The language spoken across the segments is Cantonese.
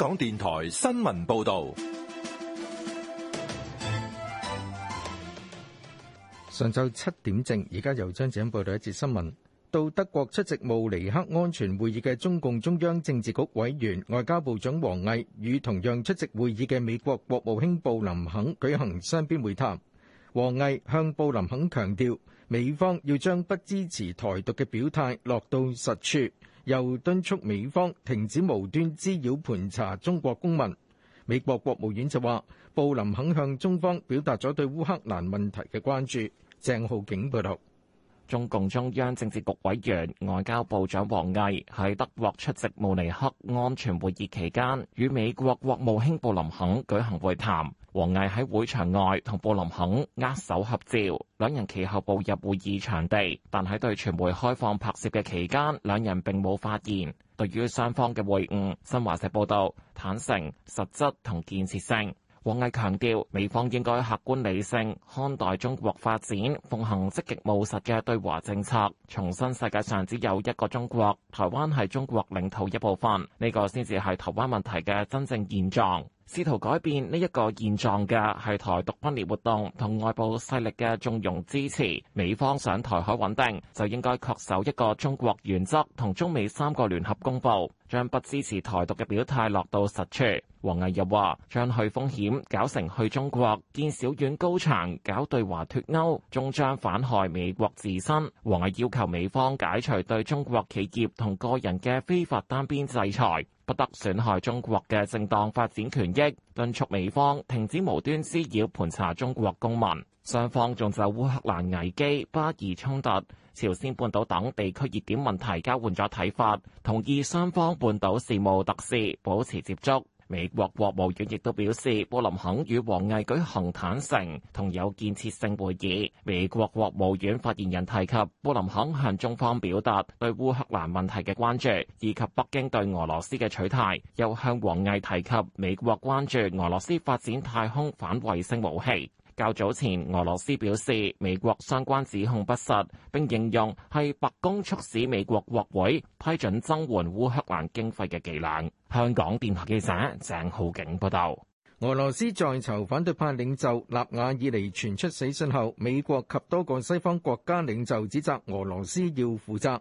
港電台新聞報道：上晝七點正，而家由張長報道一節新聞。到德國出席慕尼黑安全會議嘅中共中央政治局委員、外交部長王毅，與同樣出席會議嘅美國國務卿布林肯舉行雙邊會談。王毅向布林肯強調，美方要將不支持台獨嘅表態落到實處。又敦促美方停止無端滋擾盤查中國公民。美國國務院就話，布林肯向中方表達咗對烏克蘭問題嘅關注。鄭浩景報道。中共中央政治局委員、外交部長王毅喺德國出席慕尼黑安全會議期間與美國國務卿布林肯舉行會談，王毅喺會場外同布林肯握手合照，兩人其後步入會議場地。但喺對傳媒開放拍攝嘅期間，兩人並冇發言。對於雙方嘅會晤，新華社報道坦誠、實質同建設性。王毅強調，美方應該客觀理性看待中國發展，奉行積極務實嘅對華政策。重申世界上只有一個中國，台灣係中國領土一部分，呢個先至係台灣問題嘅真正現狀。試圖改變呢一個現狀嘅係台獨分裂活動同外部勢力嘅縱容支持。美方想台海穩定，就應該恪守一個中國原則同中美三個聯合公佈，將不支持台獨嘅表態落到實處。王毅又話：將去風險搞成去中國，建小院高牆，搞對華脫歐，終將反害美國自身。王毅要求美方解除對中國企業同個人嘅非法單邊制裁，不得損害中國嘅正當發展權益，敦促美方停止無端滋擾盤查中國公民。雙方仲就烏克蘭危機、巴以衝突、朝鮮半島等地區熱點問題交換咗睇法，同意雙方半島事務特使保持接觸。美國國務院亦都表示，布林肯與王毅舉行坦誠同有建設性會議。美國國務院發言人提及，布林肯向中方表達對烏克蘭問題嘅關注，以及北京對俄羅斯嘅取態，又向王毅提及美國關注俄羅斯發展太空反衛星武器。較早前，俄羅斯表示美國相關指控不實，並形容係白宮促使美國國會批准增援烏克蘭經費嘅技能。香港電台記者鄭浩景報道：俄羅斯在囚反對派領袖納瓦爾尼傳出死訊後，美國及多個西方國家領袖指責俄羅斯要負責。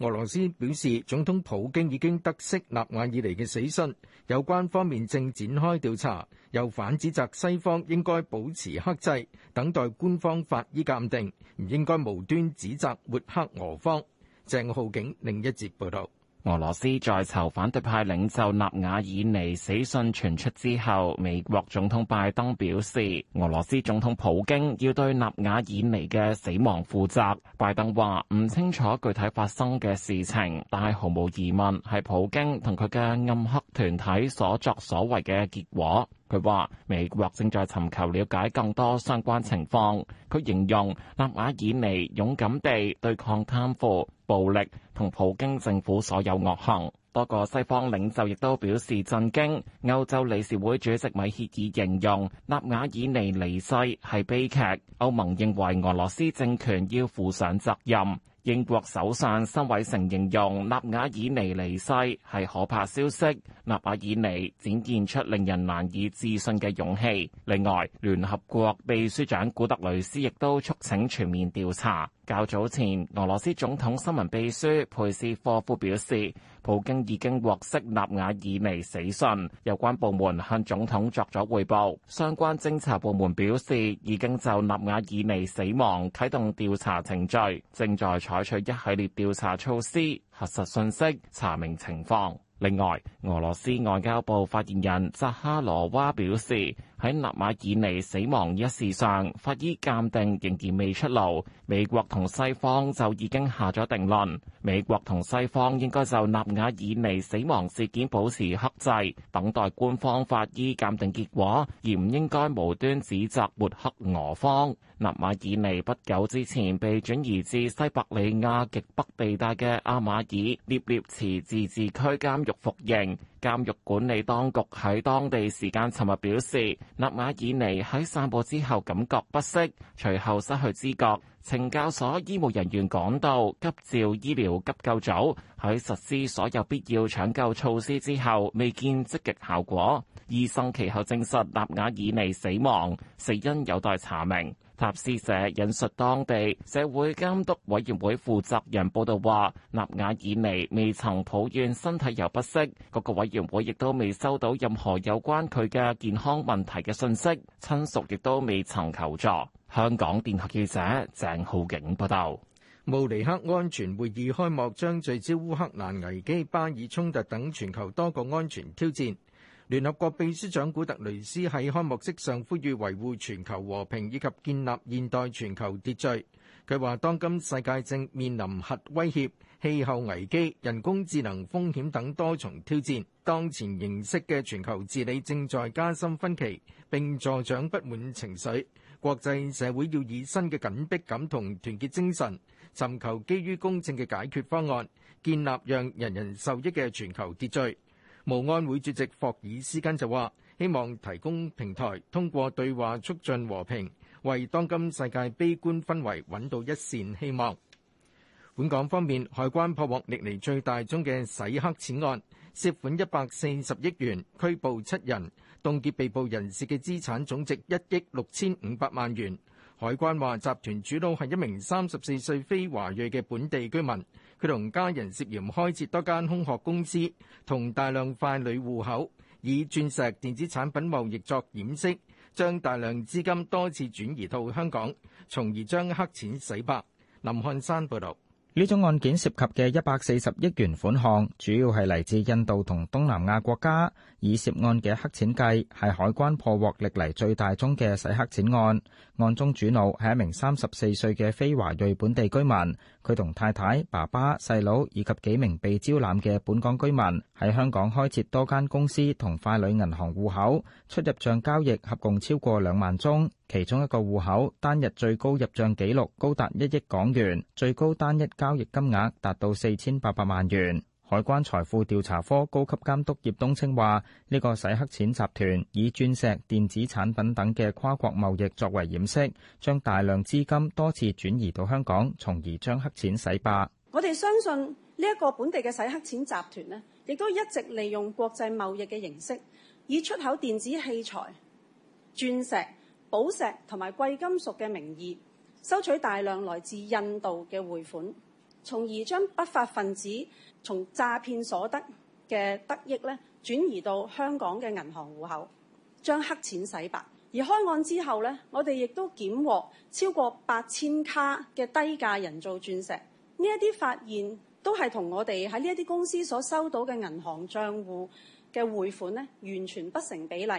俄羅斯表示，總統普京已經得悉納瓦以嚟嘅死訊，有關方面正展開調查。又反指責西方應該保持克制，等待官方法醫鑑定，唔應該無端指責抹黑俄方。鄭浩景另一節報導。俄羅斯在囚反對派領袖納瓦爾尼死訊傳出之後，美國總統拜登表示，俄羅斯總統普京要對納瓦爾尼嘅死亡負責。拜登話唔清楚具體發生嘅事情，但係毫無疑問係普京同佢嘅暗黑團體所作所為嘅結果。佢話：美國正在尋求了解更多相關情況。佢形容納瓦爾尼勇敢地對抗貪腐、暴力同普京政府所有惡行。多個西方領袖亦都表示震驚。歐洲理事會主席米歇爾形容納瓦爾尼離世係悲劇。歐盟認為俄羅斯政權要負上責任。英國首相辛偉誠形容納瓦爾尼離世係可怕消息，納瓦爾尼展現出令人難以置信嘅勇氣。另外，聯合國秘書長古特雷斯亦都促請全面調查。較早前，俄羅斯總統新聞秘書佩斯科夫表示，普京已經獲悉納瓦爾尼死訊，有關部門向總統作咗匯報。相關偵查部門表示，已經就納瓦爾尼死亡啟動調查程序，正在，採取一系列調查措施，核實信息，查明情況。另外，俄羅斯外交部發言人扎哈羅娃表示，喺納瓦爾尼死亡一事上，法醫鑑定仍然未出爐，美國同西方就已經下咗定論，美國同西方應該就納瓦爾尼死亡事件保持克制，等待官方法醫鑑定結果，而唔應該無端指責抹黑俄方。納馬爾尼不久之前被轉移至西伯利亞極北地帶嘅阿馬爾涅涅茨自治區監獄服刑。監獄管理當局喺當地時間尋日表示，納馬爾尼喺散步之後感覺不適，隨後失去知覺。懲教所醫務人員趕到，急召醫療急救組喺實施所有必要搶救措施之後，未見積極效果。醫生其後證實納馬爾尼死亡，死因有待查明。塔斯社引述當地社會監督委員會負責人報道話：納瓦爾尼未，未曾抱怨身體有不適，各個委員會亦都未收到任何有關佢嘅健康問題嘅信息，親屬亦都未曾求助。香港電台記者鄭浩景報道。慕尼黑安全會議開幕，將聚焦烏克蘭危機、巴以衝突等全球多個安全挑戰。聯合國秘書長古特雷斯喺開幕式上呼籲維護全球和平，以及建立現代全球秩序。佢話，當今世界正面臨核威脅，氣候危機，人工智能風險等多重挑戰，當前形式嘅全球治理正在加深分歧，並助長不滿情緒。國際社會要以新嘅緊迫感同團結精神，尋求基於公正嘅解決方案，建立讓人人受益嘅全球秩序。無安會主席霍爾斯根就話：希望提供平台，通過對話促進和平，為當今世界悲觀氛圍揾到一線希望。本港方面，海關破獲歷嚟最大宗嘅洗黑錢案，涉款一百四十億元，拘捕七人，凍結被捕人士嘅資產總值一億六千五百萬元。海關話，集團主腦係一名三十四歲非華裔嘅本地居民。佢同家人涉嫌開設多間空殼公司，同大量傀儡戶口，以鑽石電子產品貿易作掩飾，將大量資金多次轉移到香港，從而將黑錢洗白。林漢山報導，呢種案件涉及嘅一百四十億元款項，主要係嚟自印度同東南亞國家。以涉案嘅黑錢計，係海關破獲歷來最大宗嘅洗黑錢案。案中主腦係一名三十四歲嘅非華裔本地居民。佢同太太、爸爸、細佬以及幾名被招攬嘅本港居民喺香港開設多間公司同快女銀行戶口，出入賬交易合共超過兩萬宗，其中一個戶口單日最高入賬記錄高達一億港元，最高單一交易金額達到四千八百萬元。海關財富調查科高級監督葉東青話：呢個洗黑錢集團以鑽石、電子產品等嘅跨國貿易作為掩飾，將大量資金多次轉移到香港，從而將黑錢洗白。我哋相信呢一個本地嘅洗黑錢集團呢，亦都一直利用國際貿易嘅形式，以出口電子器材、鑽石、寶石同埋貴金屬嘅名義收取大量來自印度嘅匯款，從而將不法分子。從詐騙所得嘅得益咧，轉移到香港嘅銀行戶口，將黑錢洗白。而開案之後咧，我哋亦都檢獲超過八千卡嘅低價人造鑽石。呢一啲發現都係同我哋喺呢一啲公司所收到嘅銀行帳戶嘅匯款咧，完全不成比例。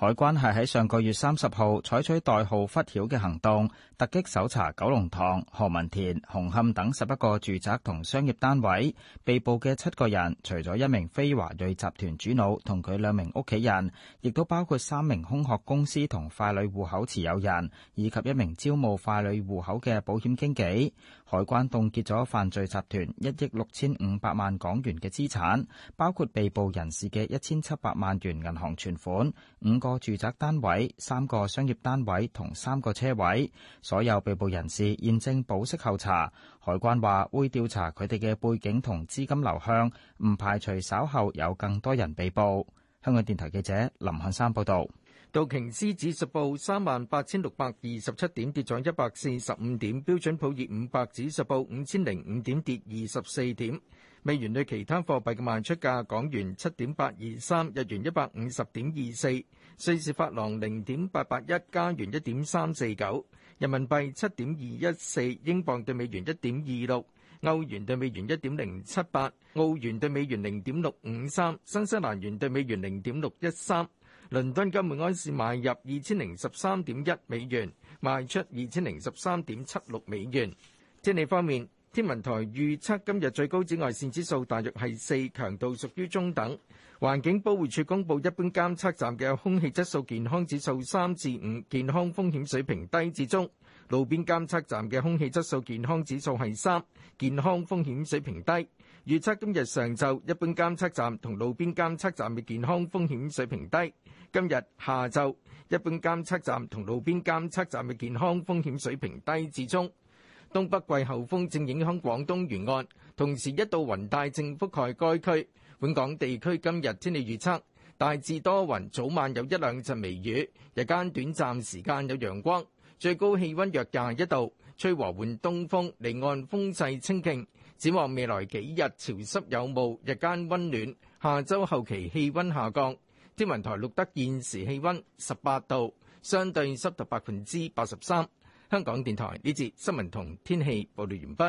海關係喺上個月三十號採取代號“忽曉”嘅行動，突擊搜查九龍塘、何文田、紅磡等十一個住宅同商業單位，被捕嘅七個人，除咗一名非華裔集團主腦同佢兩名屋企人，亦都包括三名空殼公司同傀儡戶口持有人，以及一名招募傀儡戶口嘅保險經紀。海關凍結咗犯罪集團一億六千五百萬港元嘅資產，包括被捕人士嘅一千七百萬元銀行存款，五個。個住宅單位、三個商業單位同三個車位，所有被捕人士驗證保釋候查。海關話會調查佢哋嘅背景同資金流向，唔排除稍後有更多人被捕。香港電台記者林漢山報道。道瓊斯指數報三萬八千六百二十七點，跌咗一百四十五點。標準普爾五百指數報五千零五點，跌二十四點。美元對其他貨幣嘅賣出價：港元七點八二三，日元一百五十點二四。瑞士法郎零點八八一，加元一點三四九，人民幣七點二一四，英鎊兌美元一點二六，歐元兌美元一點零七八，澳元兌美元零點六五三，新西蘭元兌美元零點六一三。倫敦金每安士買入二千零十三點一美元，賣出二千零十三點七六美元。天氣方面。天文台預測今日最高紫外線指數大約係四，強度屬於中等。環境保護署公布一般監測站嘅空氣質素健康指數三至五，健康風險水平低至中。路邊監測站嘅空氣質素健康指數係三，健康風險水平低。預測今日上晝一般監測站同路邊監測站嘅健康風險水平低。今日下晝一般監測站同路邊監測站嘅健康風險水平低至中。東北季候風正影響廣東沿岸，同時一度雲帶正覆蓋該區。本港地區今日天氣預測大致多雲，早晚有一兩陣微雨，日間短暫時間有陽光，最高氣温約廿一度，吹和緩東風，離岸風勢清勁。展望未來幾日潮濕有霧，日間温暖。下周後期氣温下降。天文台錄得現時氣温十八度，相對濕度百分之八十三。香港電台呢節新聞同天氣報道完畢。